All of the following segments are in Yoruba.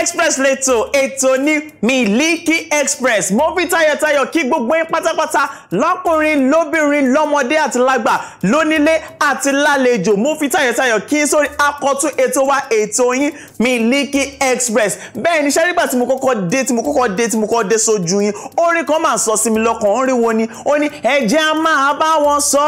express leto ètò ní Miliki express mo fi tayọ̀tayọ̀ kí gbogbo yín pátápátá lọ́kùnrin lóbìnrin lọ́mọdé àti lágbà lónílé àti lálejò mo fi tayọ̀tayọ̀ kí sórí akọ̀tún ètò wa ètò yín Miliki express bẹ́ẹ̀ ni sẹ́rígbà tí mo kọ́kọ́ dé tí mo kọ́kọ́ dé tí mo kọ́kọ́ dé sójú yín orin kan máa sọ sí mi lọ́kàn orin wo ni ó ní ẹ jẹ́ á máa bá wọn sọ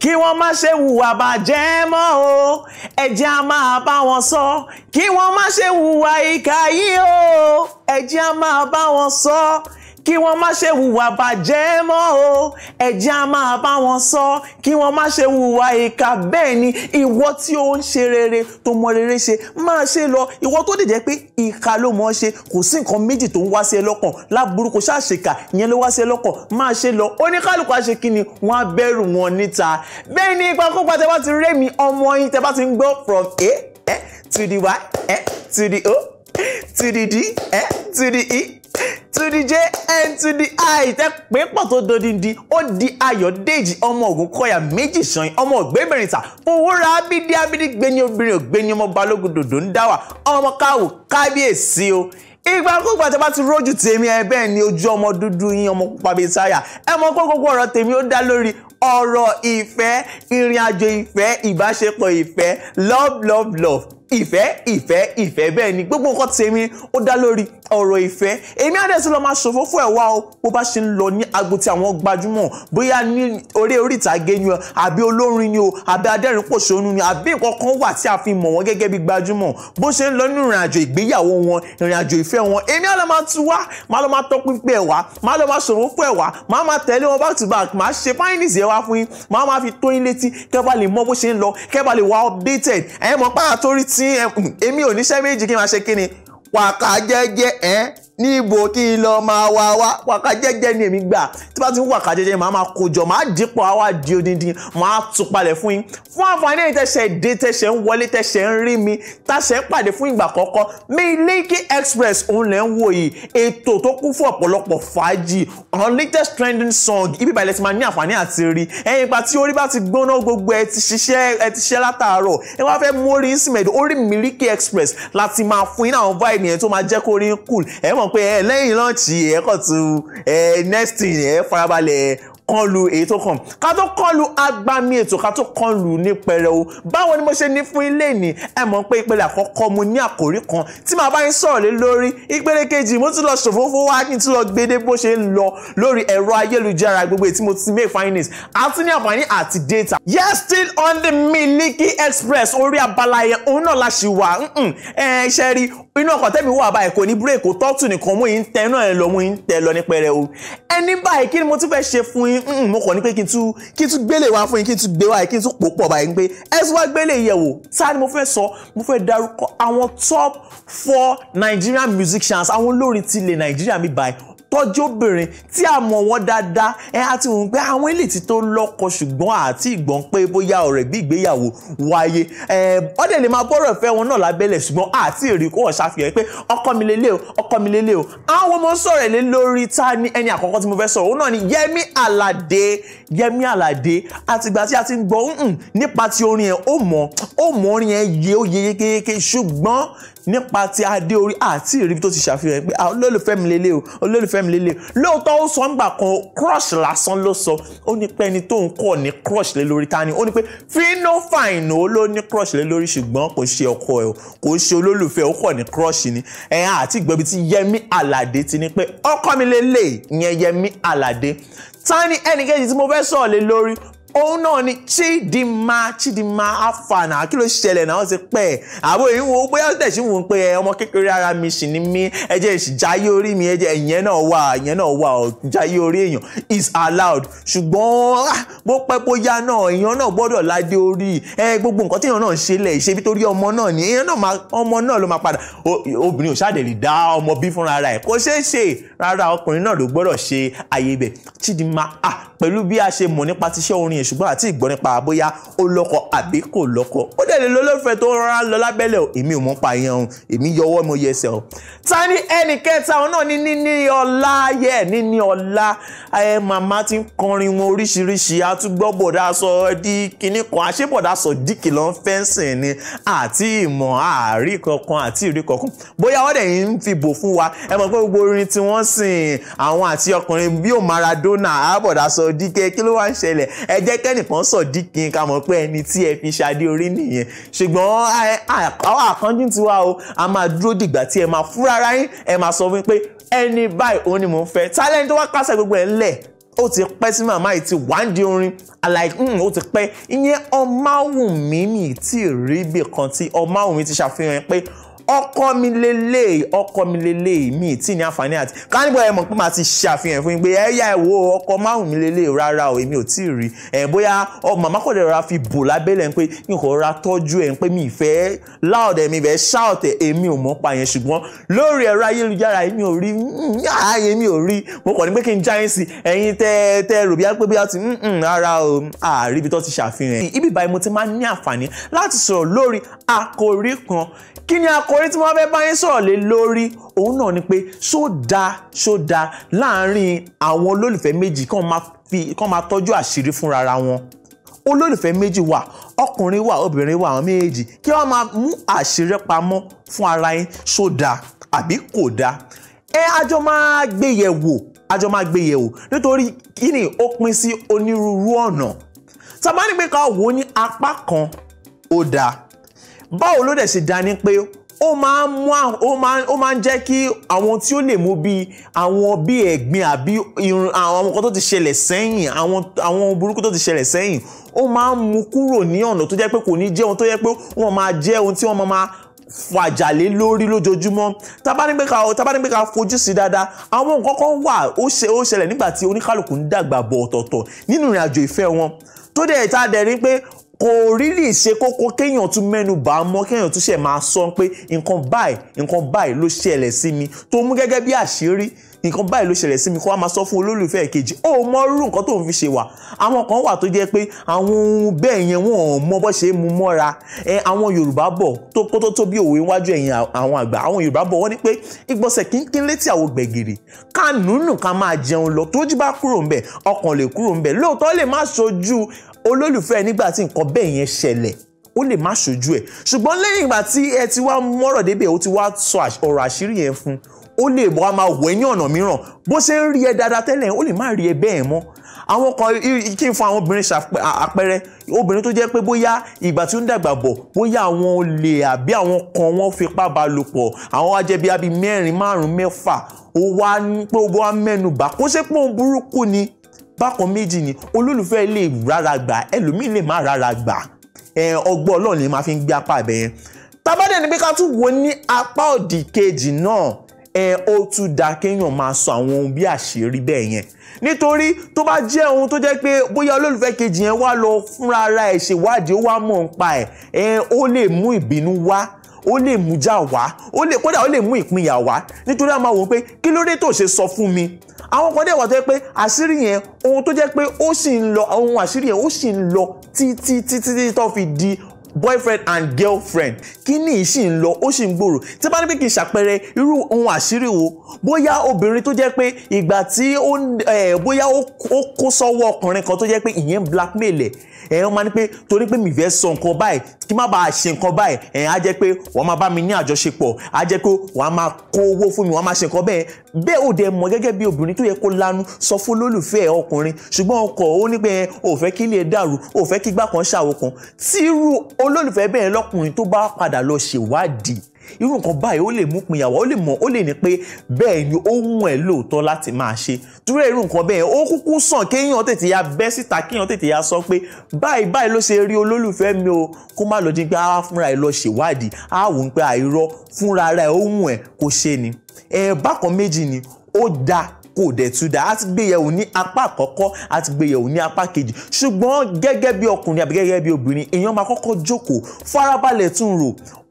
kí wọ́n má ṣe hùwà bàjẹ́ mọ́ o ẹ á máa bá wọn sọ kí wọ́n má ṣe hùwà ìkà Ṣàyí o ẹ jẹ́ á máa bá wọn sọ kí wọ́n má ṣe hùwà bàjẹ́ mọ́ o ẹ jẹ́ á máa bá wọn sọ kí wọ́n má ṣe hùwà ìka bẹ́ẹ̀ ni ìwọ tí ó ń ṣe rere tó mọ rere ṣe máa ṣe lọ ìwọ tó dìjẹ́ pé ìka ló mọ̀ ṣe kò sí nǹkan méjì tó ń wá sí ẹ lọ́kàn láburú ṣàṣekà ìyẹn ló wá sí ẹ lọ́kàn máa ṣe lọ oníkálùkù àṣẹ kí ni wọ́n á bẹ̀rù wọn níta bẹ́ẹ̀ ni ipa tẹ bá ti rémi ọmọ yín tẹ bá ti ń gbọ́ from a eh, to the y eh, to the o to the D eh, to the E to the J and to the I tẹ́ pé pọ̀ tó dodindi ó di Ayọ̀dèjì ọmọ Ògúnkọ̀yà méjì ṣanyin ọmọ ògbébìnrin ta fowóra abídí abídí gbéni obìnrin ògbéni ọmọ balógun dòdò ń dá wà ọmọ káwò kábíyèsí o ìgbàkúgbà tí a bá ti rójú tèmi ẹ bẹ́ẹ̀ ni ojú ọmọ dúdú yín ọmọ pupa bíi táyà ẹ mọ kó gbogbo ọ̀rọ̀ tèmi ó dá lórí ọ̀rọ̀ ìfẹ́ ìrìn àjò ìfẹ́ ìbáṣepọ̀ ìfẹ́ love love love ìfẹ́ ìfẹ́ ìfẹ́ bẹ́ẹ̀ ni gbogbo nǹkan tèmi ó dá lórí ọ̀rọ̀ ìfẹ́ èmi á dẹ̀sí lọ máa ṣòfò fún ẹ̀wá o bó bá ṣe ń lọ ní agbo tí àwọn gbajúmọ̀ bóyá ní orí orí ìtàgé ni o àbí olórin ni o àbí adẹ́rìn pòṣónú ni àbí nǹkan kan wà tí a fi mọ̀ wọ́n gẹ́gẹ́ bí gbajúmọ̀ bó ṣe ń lọ nínú ìrìnàjò ìgbéyàwó wọn ìrìnàjò ìfẹ́ wọn èmi á lọ máa tu máa lọ máa tọpinpin ẹ̀wá to back máa ṣe fáìnìsì ẹ̀wá fún yín máa máa fi tó yín létí updated ẹ̀yẹ́ mọ̀ pàtó tí um, èmi ò níṣẹ́ méjì kí n máa ṣe kí ni wàkà jẹ́jẹ́ ẹ́ níbo kí lọ máa wá wá wákà jẹ́jẹ́ ni èmi gbà tí bá ti ń wákà jẹ́jẹ́ màá máa kójọ màá dípò àwa di odindin màá tún palẹ̀ fún yín fún àǹfààní èyí tẹ̀sẹ̀ dé tẹ̀sẹ̀ ń wọlé tẹ̀sẹ̀ ń rí mi tàṣẹ̀ ń pàdé fún ìgbà kọ́kọ́ Miliki Express òun lẹ̀ ń wò yìí ètò tó kún fún ọ̀pọ̀lọpọ̀ fàájì àwọn latest trending song ibi ìbàlẹ̀ ti máa ní àǹfààní àti rí ẹ̀yin ipa tí orí bá ti gbóná gbogbo ẹ ti ṣiṣẹ́ Miliki Express láti máa fún yín àwọn vibe cool ẹ̀ mọ̀ pé ẹ lẹ́yìn lọ́ọ̀tì ẹ kọ̀ tu ẹ nesting ẹ farabalẹ̀ kọlu èyí tó kàn ká tó kọlu agbami ètò ká tó kọlu ní pẹrẹwu báwo ni mo ṣe ní fún ilé ní ẹ mọ̀ pé ìpele àkọ́kọ́ mo ní àkòrí kan tí màá bá yín sọ̀rọ̀ lé lórí ìpele kejì mo tún lọ ṣòfófó wá kí n tún lọ gbédé bó ṣe ń lọ lórí ẹ̀rọ ayélujára gbogbo èyí tí mo ti make finance àti ní àǹfààní àti data. yes still on the Miliki Express orí abala yẹn òun náà la ṣì wà ẹ ṣe rí inú ọkọ̀ tẹ́mi wà báyìí kò ní bírèkì kò tọ́tù nìkan mú yín tẹ náà lọ mú yín tẹ lọ ní pẹrẹ o ẹni báyìí kí ni mo tún fẹ́ ṣe fún yín mo kàn ní pé kí n tún kí n tún gbélé wá fún yín kí n tún gbé wá kí n tún pò pọ̀ báyìí pé ẹ tún wá gbélé yẹ̀wò ta ni mo fẹ́ sọ mo fẹ́ darúkọ àwọn top four Nigerian musicians àwọn olórin tilẹ̀ Nigeria mi báyìí tọ́jú obìnrin tí a mọ̀ wọ́n dáadáa ẹ á ti wọ́n pé àwọn eléyìí tó lọ́kọ ṣùgbọ́n àti ìgbọ́n pé bóyá ọ̀rẹ́ bí ìgbéyàwó wáyé ẹ ọdẹ lè máa bọ́rọ̀ ìfẹ́ wọn náà lábẹ́lẹ̀ ṣùgbọ́n àti èrè kó wọ́n ṣàfihàn pé ọkọ mi lélẹ̀ o ọkọ mi lélẹ̀ o àwọn ọmọ sọ̀rọ̀ lé lórí ta ni ẹni àkọ́kọ́ tí mo fẹ́ sọ̀rọ̀ náà ni Yẹmi Alade Yẹmi Alade àtìgbà tí a ti ń gbọ́ nípa ti orin ẹ̀ ó mọ̀ ó mọ̀ orin ẹ̀ yé ó yé yékéyéké ṣùgbọ́n nípa ti adé orí àti ìrírí tó ti ṣàfihàn pé ah, olólùfẹ́ mi lélẹ̀ o olólùfẹ́ mi lélẹ̀ o lóòótọ́ ó sọ nígbà kan crush lásán ló sọ ó ní pé ẹni tó ń kọ́ ní crush lé lórí ta ni ó ní pé fino fine ó ló ní crush lé lórí ṣùgbọ́n kò ṣe ọkọ ẹ̀ kò ṣe olólùfẹ́ ó kọ́ ní crush ni ẹ̀yàn àti ìgbẹ́bi tí Yẹmí Aládé ti ní pé ọkọ mi lélẹ̀ ìyẹn Yẹmí Aládé ta ni ẹnìkejì tí mo fẹ́ sọ̀rọ̀ lé lórí òun náà ni Chidinma Chidinma Afana kí ló ṣẹlẹ̀ náà ṣe pẹ́ àbò yìí ń wo bóyá tẹ̀sí wò ó pé ọmọ kékeré ara mi sì ni mí ẹjẹ́ ìjáyé orí mi ẹjẹ́ ìyẹn náà wà ìyẹn náà wà ìjáyé orí èèyàn is allowed ṣùgbọ́n ah, bó pẹ́ bóyá náà èèyàn náà gbọ́dọ̀ ládé orí ẹ gbogbo nǹkan téèyàn náà ṣe lẹ̀ ṣe bí torí ọmọ náà ni èèyàn náà ọmọ náà ló máa padà obìnrin ò ṣáà lè dá ọmọ bí fúnra rẹ̀ kò ṣeé ṣe rárá ọkùnrin náà ló gbọ́dọ̀ ṣe àyè ibẹ̀ Chidinma ah pẹ̀lú bí a ṣe mọ̀ nípa tiṣẹ́ orin yẹn ṣùgbọ́n àti ìgbọ́ nípa bóyá ó lọ́kọ àbí kò lọ́kọ ó dẹ̀ lè lólófẹ́ tó rárá lọ lábẹ́lẹ̀ o èmi ò mọ̀ pa yẹn o èmi yọwọ́ mo yẹ ẹsẹ̀ o. ta ni ẹnì kẹta òun náà ní níní ọlá yẹ níní ọlá ẹ màmá ti ń kọrin wọn oríṣiríṣi àtúgbọ́ bọ̀dá sọ di kinní kan àṣé sọ díkì lọ́n fẹ́ǹsìn ni àti ìmọ̀ àárí kankan àti ìrí kankan bóyá wọ́n dẹ̀ ń fi bò fún wa ẹ mọ̀ pé gbogbo Maradona àbọ̀dá sọ Sodiq kí ló wá ń ṣẹlẹ̀ ẹ jẹ́ kẹ́nìkan Sodiq ká mọ̀ pé ẹni tí ẹ fi ṣadé orí nìyẹn ṣùgbọ́n àwọn àkànjú tiwa o a máa dúró dìgbà tí ẹ máa fúra ara yín ẹ máa sọ fún mi pé ẹni báyìí òun ni mò ń fẹ́ tálẹ́ni tó wá kásẹ̀ gbogbo ẹ̀ ńlẹ̀ ó ti pẹ́ sí màmá yìí ti wá ń di orin like hmm, ó ti pẹ́ ìyẹn Ọmáwùmí mi tí ì rí ibì kan tí Ọmáwùmí ti ṣàfihàn pé ọkọ mi lele, ọkọ mi lele, mi tí ní àǹfààní àti kánígbà ẹ mọ̀ pé màá ti ṣàfihàn fún yín pé ẹ ẹ wo ọkọ márùn mi lele, rárá o èmi ò tí ì rí ẹ bóyá ọ màmá kò lè ra fi bò lábẹ́lẹ̀ pé kí kò ra tọ́jú ẹ̀ pé mi ìfẹ́ loud ẹ̀ mi ìfẹ́ shout ẹ̀ èmi ò mọ̀ pa yẹn ṣùgbọ́n lórí ẹ̀rọ ayélujára èmi ò rí ah, èmi ò rí mo kàn ní pé kí n já yín sí ẹ̀yin tẹ́ tẹ́ rò pé bí a ti ibi báyìí mo ti máa ní àǹfààní láti sọ̀rọ̀ kí ni àkòrí tí wọ́n fẹ́ bá yín sọ̀rọ̀ lé lórí òun náà ni pé ṣóda ṣóda láàárín àwọn olólùfẹ́ méjì kán máa tọ́jú àṣírí fúnra ra wọn olólùfẹ́ méjì wà ọkùnrin wà obìnrin wà àwọn méjì kí wọ́n máa mú àṣírí pamọ́ fún ara yín ṣóda àbí kò da ẹ àjọ máa gbé yẹ̀ wò àjọ máa gbé yẹ̀ wò nítorí kí ni ó pín sí onírúurú ọ̀nà tá wò ó ní apá kan ó dáa báwo ló dẹ̀ ṣe dání pé ó máa ń mú ó máa ó máa ń jẹ́ kí àwọn tí ó lè mú bí àwọn bí ẹ̀gbin àbí irun àwọn nǹkan tó ti ṣẹlẹ̀ sẹ́yìn àwọn àwọn burúkú tó ti ṣẹlẹ̀ sẹ́yìn ó máa ń mú kúrò ní ọ̀nà tó jẹ́ pé kò ní jẹ́ ohun tó jẹ́ pé wọ́n máa jẹ́ ohun tí wọ́n máa fàjàlé lórí lójoojúmọ́ tábánipé ká tábánipé ká fojú sí dáadáa àwọn nǹkan kan wà ó ṣe ó ṣẹlẹ̀ nígbà tí oníkálukú ń dàgbà bọ̀ ọ̀tọ̀ọ̀tọ̀ nínú ìrìnàjò ìfẹ́ wọn tó dẹ̀ ta dẹ̀ rí pé kò rílì ṣe kókó kéèyàn tún mẹ́nu bá a mọ́ kéèyàn tún ṣe máa sọ pé nǹkan báyìí nǹkan báyìí ló ṣẹlẹ̀ sí mi tó mú gẹ́gẹ́ bí àṣírí nǹkan báyìí ló ṣẹlẹ̀ sí mi kó wá máa sọ fún olólùfẹ́ kejì ó mọ irú nǹkan tó ń fi ṣe wà àwọn kan wà tó jẹ́ pé àwọn ohun bẹ́ẹ̀ yẹn wọn ò mọ bó ṣe é mu mọ́ra ẹ àwọn Yorùbá bọ̀ tó kó tó bí òwe wájú ẹ̀yìn àwọn àgbà àwọn Yorùbá bọ̀ wọ́n ní pé ìgbọ̀nsẹ̀ kínkín létí àwo gbẹ̀gìrì ká nùnù ká máa jẹun lọ tójú bá kúrò ńbẹ̀ ọkàn lè kúrò ńbẹ̀ lóòótọ́ lè má ṣojú olólùfẹ́ nígbà tí nǹkan bẹ́ẹ̀ yẹn ṣẹlẹ̀ ó lè má ṣojú ẹ̀ ṣùgbọ́n lẹ́yìn ìgbà tí ẹ ti wá mọ́rọ̀ débẹ̀ ó ti wá sọ ọ̀rọ̀ àṣírí yẹn fún ó lè bọ́ a máa wọ̀ ẹ́ ní ọ̀nà mìíràn bó ṣe ń rí ẹ dáadáa tẹ́lẹ̀ ó lè má rí ẹ bẹ́ẹ̀ mọ́ àwọn kan kí n fún àwọn obìnrin àpẹẹrẹ obìnrin tó jẹ́ pé bóyá ìgbà tí ó ń dàgbà bọ̀ bóyá àwọn olè àbí àwọn kan wọ́n fipá bá lò pọ̀ àwọn ajẹ́bí abí mẹ́rin márùn-ún mẹ́fà ó wá pé ó wá mẹ́nu bà kó ṣe pé òun burúkú ni bákan méjì ni olólùfẹ́ lè rárá gbà ẹlòmíì lè má rárá gbà ọgbọ́n ọlọ́run ni máa fi ń gbé apá ibẹ̀ yẹn tábàdàn ni pé ká tún wo ní apá òdì kejì náà ẹ ó tún da kéèyàn máa sọ àwọn ohun bí àṣírí bẹ́ẹ̀ yẹn nítorí tó bá jẹ́ ohun tó jẹ́ pé bóyá olólùfẹ́ kejì yẹn wá lọ fúnra ara ẹ̀ ṣèwádìí ó wá mọ̀ ń pa ẹ̀ ẹ ó lè mú ìbínú wá ó lè mú jà wá kódà ó lè mú ìpínyà wá nítorí a máa pé kí ló dé tó ṣe sọ fún mi àwọn kan dẹ̀ wà tó yẹ pé àṣírí yẹn ohun tó jẹ́ pé ó sì ń lọ ohun àṣírí yẹn ó sì ń lọ títí títí tó fi di boyfriend and girlfriend kíní yìí sì ń lọ ó sì ń gbòòrò tí bá ní pé kí n ṣàpẹẹrẹ irú ohun àṣírí wo bóyá obìnrin tó jẹ́ pé ìgbà tí ó bóyá ó kó sọ́wọ́ ọkùnrin kan tó jẹ́ pé ìyẹn blackmail ẹ̀ ẹ̀ wọ́n máa ní pé torí pé mi fẹ́ sọ nǹkan báyìí kí má bàa ṣe nǹkan báyìí ẹ̀ á jẹ́ pé wọ́n máa bá mi ní àjọṣepọ̀ á jẹ́ pé wọ́n á máa kó owó fún mi wọ́n á máa ṣe nǹkan bẹ́ẹ̀ bẹ́ẹ̀ ò dẹ̀ mọ̀ gẹ́gẹ́ bí obìnrin tó yẹ kó lanu sọ fún olólùfẹ́ ọkùnrin ṣùgbọ́n ọkọ ó ní pé ò fẹ́ kí ilé dàrú ò fẹ́ kí gbà kan ṣàwò tírú olólùfẹ́ bẹ́ẹ̀ lọ́kùnrin tó bá padà lọ ṣèwádìí irú nǹkan báyìí ó lè mú pinyàwó ó lè mọ̀ ó lè ní pé bẹ́ẹ̀ ni ó wù ẹ́ lóòótọ́ láti máa ṣe dúró irú nǹkan bẹ́ẹ̀ ó kúkú sàn kéèyàn tètè ya bẹ́ síta kéèyàn tètè ya sọ pé báyìí báyìí ló ṣe rí olólùfẹ́ mi o kó má lọ dín pé á fúnra ẹ̀ lọ ṣèwádìí á wò ó pé àìrọ fúnra ara ẹ̀ ó wù ẹ́ kó ṣe ni ẹ̀ bákan méjì ni ó dáa kò dẹ̀ tún da, a ti gbé yẹ̀wò ní apá àkọ́kọ́ a ti gbé yẹ̀wò ní apá kejì ṣùgbọ́n gẹ́gẹ́ bí ọkùnrin àbí gẹ́gẹ́ bí obìnrin èèyàn máa kọ́kọ́ jókòó farabalẹ̀ tún rò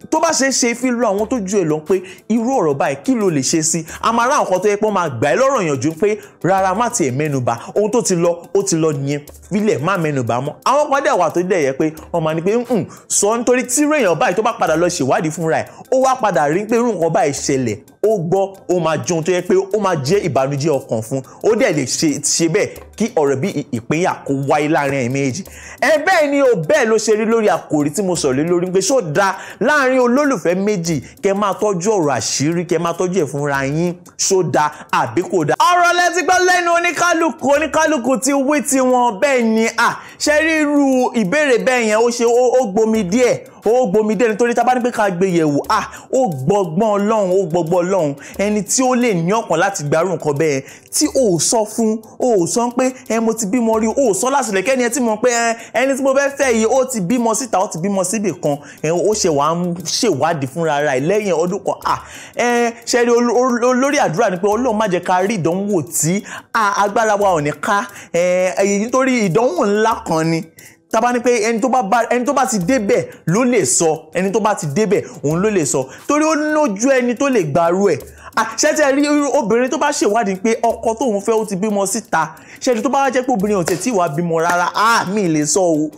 tó bá ṣe ṣe fi lọ àwọn tó ju ẹ lọ pé irú ọ̀rọ̀ báyìí kí ló lè ṣe sí i a máa tó yẹ pé wọ́n máa gbà ẹ́ lọ́rọ̀ ìyànjú pé rárá má tiẹ̀ mẹ́nuba ohun tó ti lọ ó ti lọ nìyẹn filẹ̀ má mẹ́nuba mọ́ àwọn kan dẹ̀ wà tó dẹ̀ yẹ pé wọ́n máa ní pé ń sọ nítorí tírú èèyàn báyìí tó bá padà lọ ṣèwádìí fúnra ẹ̀ ó wá padà rí pé irú nǹkan báyìí ṣẹlẹ̀ ó gbọ́ ó máa jẹun tó yẹ pé ó máa jẹ́ ìbànújẹ́ ọkàn fún ó dẹ̀ lè ṣe bẹ́ẹ̀ kí ọ̀rọ̀ bí ìpínyà kó wáyé láàrin ẹ̀mí èjì ẹ bẹ́ẹ̀ ni ó bẹ́ẹ̀ ló ṣe rí lórí àkòrí tí mo sọ̀rọ̀ lórí pé ṣó dáa láàrin láàrin olólùfẹ́ méjì kẹ́ máa tọ́jú ọ̀rọ̀ àṣírí kẹ́ máa tọ́jú ẹ̀ fúnra yín ṣódà àbí kò dá. ọ̀rọ̀ lẹ́tí lẹ́nu oníkálukú oníkálukú ti wí tiwọn bẹ́ẹ̀ ni à ṣẹ́rí irú ìbéèrè bẹ́ẹ̀ yẹn ó ṣe ó gbomi díẹ̀ ó gbomi dé nítorí tá a bá ní pé ká gbé yẹ̀wò à ó gbọgbọ́n ọlọ́run ó gbọgbọ́n ọlọ́run ẹni tí ó lè ní ọkàn láti gbárù nǹkan bẹ́ẹ̀ tí ò sọ fún ò sọ pé ẹ mo ti bímọ rí ò sọ lásìlẹ̀ kẹ́ni ẹ ti mọ̀ pé ẹni tí mo fẹ́ fẹ́ yìí ó ti bímọ síta ó ti bímọ síbì kan ó ṣe wàá ṣèwádìí fúnra rẹ̀ lẹ́yìn ọdún kan à ẹ ṣe rí olórí àdúrà ni pé ọlọ́run má jẹ́ ká rí ìdánwò tí agbára wa ò ní ká nítorí ìdánwò ńlá kan ni tàbá ni pé ẹni tó bá ẹni tó bá ti débẹ̀ ló lè sọ ẹni tó bá ti débẹ̀ òun ló lè sọ torí ó nójú ẹni tó lè gbarú ẹ̀ Ah, ṣẹ́tẹ̀ rí obìnrin tó bá ṣèwádìí pé ọkọ tóun fẹ́ ó ti bímọ síta ṣẹ́ni tó bá jẹ́ pé obìnrin ọ̀tẹ̀ tí ìwà bímọ rárá á ah, mi lè sọ o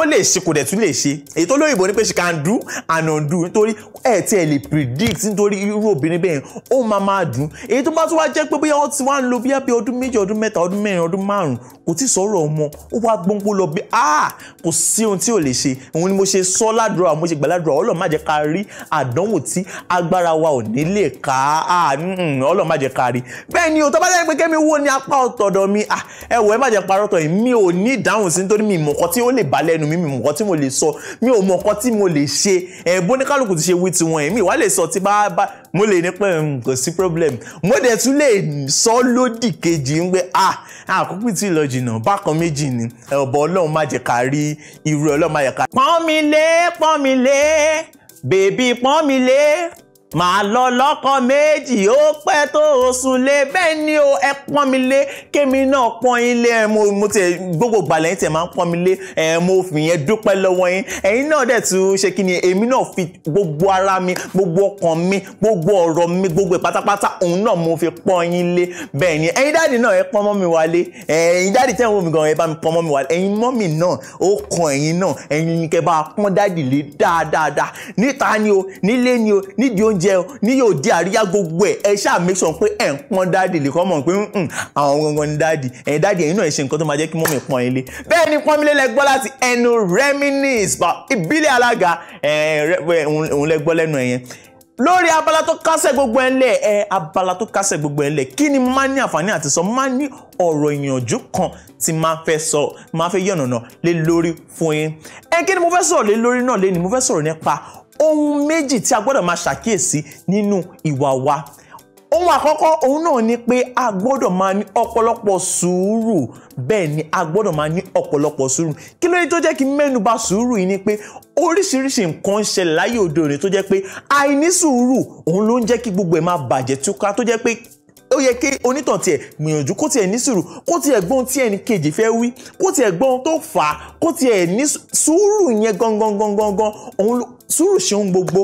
ó lè ṣe kò dẹ̀ tún lè ṣe èyí tó lóyìnbó ni pé she can do and undo nítorí ẹ̀ tí ẹ̀ lè predict nítorí irú obìnrin bẹ́ẹ̀ ó máa máa dùn èyí tó bá tún wá jẹ́ pé bóyá wọ́n ti wá ń lo bíyà bí ọdún méjì ọdún mẹ́ta ọdún mẹ́rin ọdún márùn kò tí sọ̀rọ̀ ọmọ ó wá gbọ́ngbó lọ bí ah kò sí ohun tí ò lè ṣe òun ni mo ṣe sọ ládùúrà mo ṣe gbàládùúrà Ọlọ́run má jẹ́ ká rí àdánwò tí agbára wa ò ní lè ká gbà á ọlọ́run má jẹ́ kárí bẹ́ẹ̀ ni o tó bá dẹ́ pé kẹ́mi wo ni apá ọ̀tọ̀dọ̀ mi ẹ wò ẹ má jẹ́ parọ́ tọ̀ mi ò ní ìdáhùn sí nítorí mi mọ̀kọ́ tí ó lè bá lẹ́nu mi mi mọ̀kọ́ tí mo lè sọ mi ò mọ̀kọ́ tí mo lè ṣe ẹ bóníkálùkù ti ṣe wí tiwọn ẹ̀mí ìwà lè sọ tí bá mo lè ní pé hmm, kò sí problem mo dẹ̀ tún lè sọ lódì kejì ń pé àkókò tí lọ jìnnà bákan méjì ni ọ̀bọ̀ ọlọ́run má jẹ́ kárí irú ọlọ́run má jẹ́ kárí. pọ́n mi lé pọ́n mi lé bèbí pọ́n mi lé màá lọ lọ́kọ méjì ó pẹ́ tó o sùn lé bẹ́ẹ̀ ni o ẹ pọ́n mi lé kémi náà pọ́n yín lé ẹ mo tẹ gbogbo gbalẹ̀ yín tẹ máa ń pọ́n mi lé ẹ mo fi yẹn dúpẹ́ lọ́wọ́ yín ẹ̀yin náà dẹ̀ tún ṣe kí ni èmi náà fi gbogbo ara mi gbogbo ọkàn mi gbogbo ọ̀rọ̀ mi gbogbo ẹ̀ òun náà mo fi pọ́n yín lé bẹ́ẹ̀ ni ẹ̀yin dáàdì náà ẹ pọ́n mọ́ mi wálé ẹ̀yin dáàdì tẹ̀ mi pọ́n mọ́ mi wálé ẹ̀yin mọ́mì náà ó kan ẹ̀yin náà ẹ̀yin kẹ́ bá pọ́n dáàdì lé dáadáa ni o ni o oúnjẹ ní yóò di àríyá gbogbo ẹ̀ ẹ ṣáà make sure pé ẹ̀ ń pọ́n dáàdì lè kọ́ mọ̀ pé hmm, hmm, àwọn gangan ní dáàdì ẹ̀yin dáàdì ẹ̀yin náà ṣe nǹkan tó máa jẹ́ kí mọ́mì pọ́n ilé bẹ́ẹ̀ ni pọ́nmilé lẹ gbọ́ láti ẹnu Reminisce ìbílẹ̀ alága òun lẹ gbọ́ lẹ́nu ẹ̀yẹn lórí abala tó kásẹ̀ gbogbo ẹ̀ lẹ̀ ẹ abala tó kásẹ̀ gbogbo ẹ̀ lẹ̀ kí ni máa ní àǹfààní àti sọ máa ní ọ̀rọ̀ ìyànjú kan tí máa fẹ́ sọ máa fẹ́ yànnàná lé lórí fún yín ẹ kí ni mo fẹ́ sọ̀rọ̀ lé lórí náà lé ni mo fẹ́ sọ̀rọ̀ nípa ohun méjì tí a gbọ́dọ̀ máa ṣàkíyèsí nínú ìwà wa ohun àkọ́kọ́ òun náà ni pé a gbọ́dọ̀ máa ní ọ̀pọ̀lọpọ̀ sùúrù bẹ́ẹ̀ ni a gbọ́dọ̀ máa ní ọ̀pọ̀lọpọ̀ sùúrù kí ló dé tó jẹ́ kí mẹ́nuba sùúrù yìí ni pé oríṣiríṣi nǹkan ń ṣẹlẹ̀ láyé òde òní tó jẹ́ pé àìní sùúrù òun ló ń jẹ́ kí gbogbo ẹ̀ máa bàjẹ́ túká tó jẹ́ pé ó yẹ kí onítàn tiẹ̀ gbìyànjú kó tiẹ̀ ní sùúrù kó tiẹ̀ gbọ́n tí ẹnì kejì fẹ́ wí kó tiẹ̀ gbọ́n tó fà á kó tiẹ̀ ní sùúrù yẹn gangan gangan òun sùúrù ṣeun gbogbo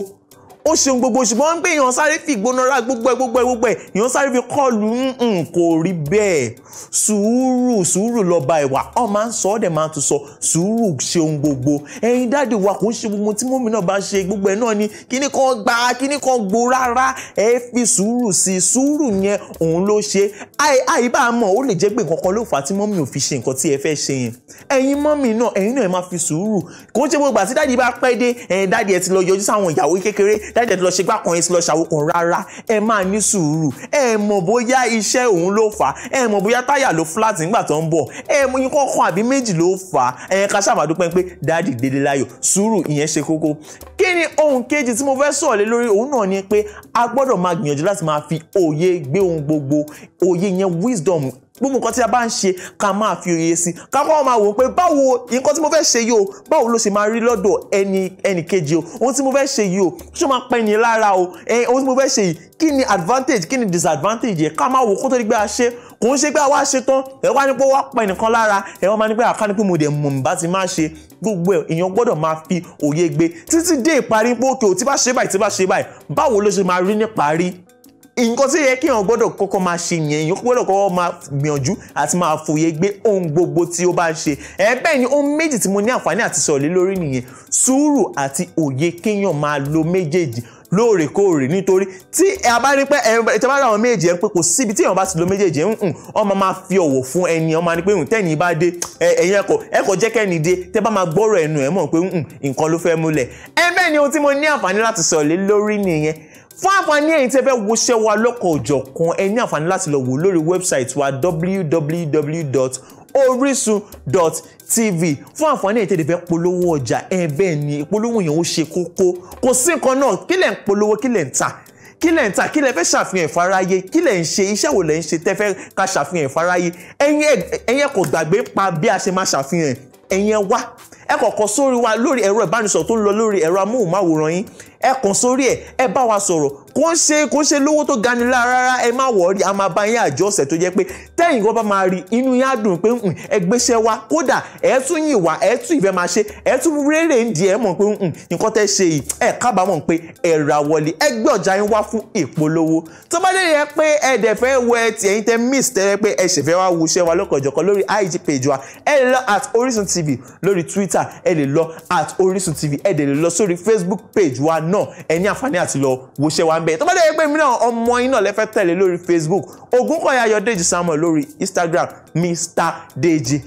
ó ṣeun gbogbo ṣùgbọ́n pé èèyàn sáré fi ìgbónára gbogbo ẹ gbogbo ẹ gbogbo ẹ èèyàn sáré fi kọlù nǹkan kò rí bẹ́ẹ̀ sùúrù sùúrù lọ́ba ìwà ọ máa ń sọ ọ́ dẹ̀ máa tún sọ sùúrù ṣeun gbogbo ẹ̀yin dáàdì wa kò ń ṣe gbogbo tí mọ́mí náà bá ṣe gbogbo ẹ̀ náà ni kíní kan gba kíní kan gbo rárá ẹ fi sùúrù sí sùúrù yẹn òun ló ṣe àì bá a mọ̀ ó lè jẹ́ pé nǹkan kan ló fà á tí mọ́mí ò fi ṣe nǹkan tí ẹ fẹ́ ṣe yẹn ẹ̀yin mọ́mí náà ẹ̀yin náà ẹ máa fi sùúrù kò ń ṣe gbogbo àti dáàdì bá pẹ́ dé ẹ̀yin dáàdì ẹ ti lọ yọjú sáwọn ìyàwó kékeré dájẹ́ lọ ṣe gbàkan yín sí lọ ṣàwòkàn rárá ẹ máa ní sùúrù ẹ mọ̀ bóyá iṣẹ́ òun ló fà á ẹ mọ̀ bóyá táyà ló flat nígbà tó ń bọ̀ ẹ mọ̀ yín kọ̀ọ̀kan àbí méjì ló fà á ẹ̀yẹn ká ṣàmàdúpẹ́ pé dáàdì délé láyọ̀ sùúrù ìyẹn ṣe kókó kí ni ohun kejì tí mo fẹ́ sọ̀rọ̀ lé lórí òun náà ni pé a gbọ́dọ̀ máa gbìyànjú láti máa fi òye gbé ohun gbogbo òye yẹn wisdom gbogbo nǹkan tí a bá ń ṣe ká máa fi òye sí ká kọ́ máa wò ó pé báwo nǹkan tí mo fẹ́ ṣe yìí o báwo ló ṣe máa rí lọ́dọ̀ ẹni ẹnì kejì o ohun tí mo fẹ́ ṣe yìí o ṣé máa pẹ́ lára o ohun tí mo fẹ́ ṣe yìí kí ni advantage kí ni disadvantage yẹ ká máa wò kó tó di pé a ṣe kò ń ṣe pé àwa ṣe tán ẹ̀rọ wá ní pé wá pẹ́ nìkan lára ẹ̀rọ máa ní pé àká ní pé mo dẹ̀ mọ̀ nígbà tí máa ṣe gbogbo ẹ̀ èèyàn gbọ́dọ̀ máa fi òye gbé títí dé ìparí pé òkè ò tí bá ṣe báyìí tí bá ṣe báyìí báwo ló ṣe máa rí níparí nǹkan tí yẹ kí èèyàn gbọ́dọ̀ kọ́kọ́ máa ṣe yẹn èèyàn gbọ́dọ̀ kọ́kọ́ máa gbìyànjú àti máa fòye gbé ohun gbogbo tí ó bá ń ṣe ẹ bẹ́ẹ̀ ni ohun méjì tí mo ní àǹfààní àti sọ̀rọ̀ lé lórí nìyẹn sùúrù àti òye kéèyàn máa lo méjèèjì lóòrèkóòrè nítorí tí a bá rí pé ẹ tí bá rí àwọn méjèèjì ẹ ń pé kò síbi tí èèyàn bá ti lo méjèèjì ẹ ń wọn máa máa fi ọ̀wọ̀ fún ẹni wọn máa ní pé tẹ́ni bá dé ẹ̀yin ẹ̀kọ́ ẹ̀kọ́ jẹ́ kẹ́ni dé tẹ́ bá máa gbọ́rọ̀ ẹnu ẹ̀ mọ̀ pé nǹkan ló fẹ́ múlẹ̀ ẹ bẹ́ẹ̀ ni ohun tí mo ní àǹfààní láti sọ̀rọ̀ lé lórí nìyẹn fún àǹfààní ẹ̀yin tí ẹ fẹ́ woṣẹ́ wa lọ́kọ̀ òjọ̀kan ẹ ní àǹfààní láti lọ wò lórí wẹ́bsáìtì wa www.orisun.tv fún àǹfààní ẹ̀yin tí ẹ fẹ́ polówó ọjà ẹ bẹ́ẹ̀ ni ìpolówó yẹn ó ṣe kókó kò sí nǹkan náà kí lẹ̀ ń polówó kí lẹ̀ ń tà kí lẹ̀ ń tà kí lẹ̀ fẹ́ ṣàfihàn ìfarayé kí lẹ̀ ń ṣe iṣẹ́ wo lẹ̀ ń ṣe tẹ́ fẹ́ ká ṣàfihàn ìfarayé ẹ̀yin kò gbàgbé pa bí a ṣe máa ṣàfihàn ẹ̀yin wá ẹ kọ̀ọ̀kan sórí wa lórí ẹ̀rọ ìbánisọ̀rọ̀ tó ń lọ lórí ẹ̀rọ amóhùnmáwòrán yín ẹ kàn sórí ẹ̀ ẹ bá wa sọ̀rọ̀ kò ń ṣe kò ń ṣe lówó tó gani lára rárá ẹ má wọ̀ ọ́ rí a máa bá yín àjọ ọ̀sẹ̀ tó jẹ́ pé tẹ́yìn kan bá máa rí inú yín dùn pé ẹ gbéṣẹ́ wa kódà ẹ tún yìn wá ẹ tún ìfẹ́ máa ṣe ẹ tún rérè ń di ẹ mọ̀ pé nǹkan tẹ́ ṣe yìí ẹ kábàámọ̀ pé ẹ ra wọlé ẹ gbé ọjà yín wá fún ìpolówó tó bá dé yẹ pé ẹ dẹ̀ fẹ́ wọ ẹ ti ẹ̀yin tẹ́ miss tẹ́lẹ̀ pé ẹ ṣèfẹ́ wá wuṣẹ́ wa IG page wa ẹ at Orisun TV lórí Twitter twitter ẹ lè lọ at Orisun TV ẹ dẹ̀ lè lọ sórí facebook page wa náà ẹ ní àǹfààní àti lọ wòṣẹ́ wa ń bẹ̀ tó bá dẹ̀ yẹ pé mi náà ọmọ iná lẹ́fẹ́ tẹ̀lé lórí facebook Ògúnkọ̀yà Ayọ̀dèjì Samuel lórí instagram Mr Deji